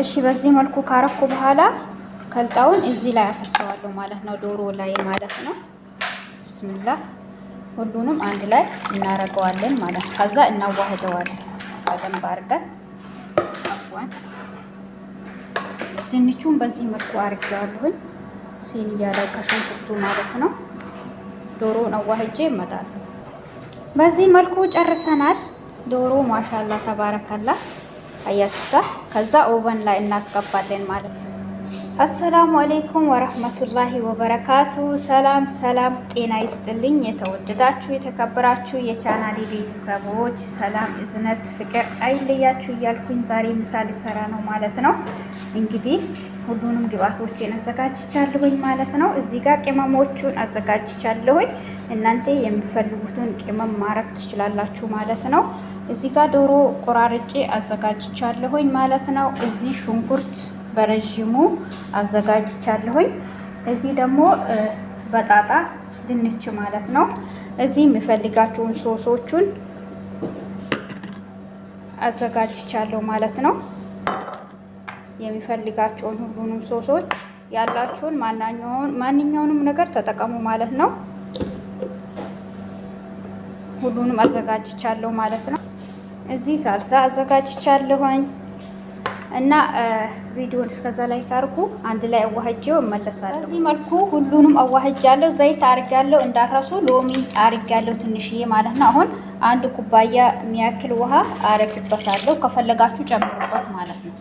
እሺ በዚህ መልኩ ካረኩ በኋላ ከልጣውን እዚህ ላይ አፈሰዋለሁ ማለት ነው፣ ዶሮ ላይ ማለት ነው። ብስምላ ሁሉንም አንድ ላይ እናረገዋለን ማለት ነው። ከዛ እናዋህደዋለን በደንብ አድርገን አፍዋን ድንቹን በዚህ መልኩ አርጌዋለሁኝ ሲኒያ ላይ ከሽንኩርቱ ማለት ነው። ዶሮ አዋህጄ እመጣለሁ። በዚህ መልኩ ጨርሰናል። ዶሮ ማሻላ ተባረከላ አያችሁታ። ከዛ ኦቨን ላይ እናስገባለን ማለት ነው። አሰላሙ አሌይኩም ወረህመቱላሂ ወበረካቱ። ሰላም ሰላም፣ ጤና ይስጥልኝ የተወደዳችሁ የተከበራችሁ የቻናሌ ቤተሰቦች ሰላም፣ እዝነት፣ ፍቅር አይለያችሁ እያልኩኝ ዛሬ ምሳ ልሰራ ነው ማለት ነው። እንግዲህ ሁሉንም ግብአቶችን አዘጋጅቻለሁኝ ማለት ነው። እዚህ ጋር ቅመሞቹን አዘጋጅቻለሁኝ። እናንተ የሚፈልጉትን ቅመም ማረግ ትችላላችሁ ማለት ነው። እዚህ ጋር ዶሮ ቆራርጬ አዘጋጅቻለሁኝ ማለት ነው። እዚህ ሽንኩርት በረዥሙ አዘጋጅቻለሁኝ። እዚህ ደግሞ በጣጣ ድንች ማለት ነው። እዚህ የሚፈልጋችሁን ሶሶቹን አዘጋጅቻለሁ ማለት ነው። የሚፈልጋቸውን ሁሉንም ሶሶች ያላችሁን ማንኛውንም ነገር ተጠቀሙ ማለት ነው። ሁሉንም አዘጋጅቻለሁ ማለት ነው። እዚህ ሳልሳ አዘጋጅቻለሁኝ እና ቪዲዮን እስከዛ ላይ ካርጉ አንድ ላይ አዋህጄው እመለሳለሁ። በዚህ መልኩ ሁሉንም አዋህጃለሁ። ዘይት አርጋለሁ፣ እንዳረሱ ሎሚ አርጋለሁ ትንሽዬ ማለት ነው። አሁን አንድ ኩባያ የሚያክል ውሃ አረግበታለሁ። ከፈለጋችሁ ጨምሩበት ማለት ነው።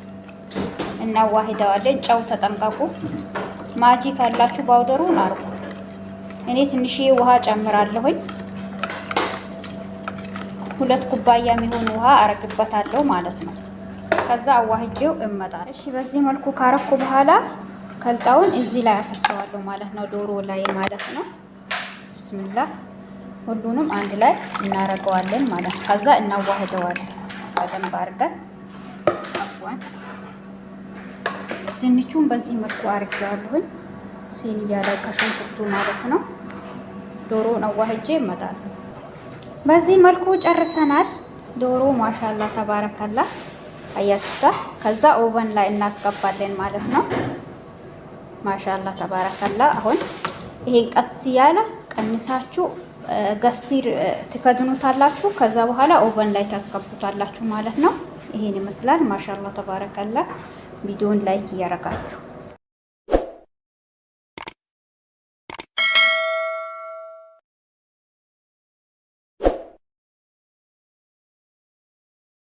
እናዋህደዋለን። ጨው ተጠንቀቁ። ማጂ ካላችሁ ባውደሩን አርጉ። እኔ ትንሽዬ ውሃ ጨምራለሁኝ። ሁለት ኩባያ የሚሆን ውሃ አረግበታለሁ ማለት ነው። ከዛ አዋህጄው እመጣል። እሺ በዚህ መልኩ ካረኩ በኋላ ከልጣውን እዚህ ላይ አፈሰዋለሁ ማለት ነው፣ ዶሮ ላይ ማለት ነው። ብስምላ ሁሉንም አንድ ላይ እናረገዋለን ማለት ነው። ከዛ እናዋህደዋለን በደንብ አድርገን አፏን ድንቹን በዚህ መልኩ አድርጌዋለሁኝ ሲኒያ ላይ ከሽንኩርቱ ማለት ነው። ዶሮውን አዋህጄ እመጣለሁ። በዚህ መልኩ ጨርሰናል። ዶሮ ማሻላ ተባረከላ አያችሁታ። ከዛ ኦቨን ላይ እናስገባለን ማለት ነው። ማሻላ ተባረከላ። አሁን ይሄን ቀስ ያለ ቀንሳችሁ ገስቲር ትከድኑታላችሁ። ከዛ በኋላ ኦቨን ላይ ታስገቡታላችሁ ማለት ነው። ይሄን ይመስላል። ማሻላ ተባረከላ። ቪዲዮን ላይክ እያረጋችሁ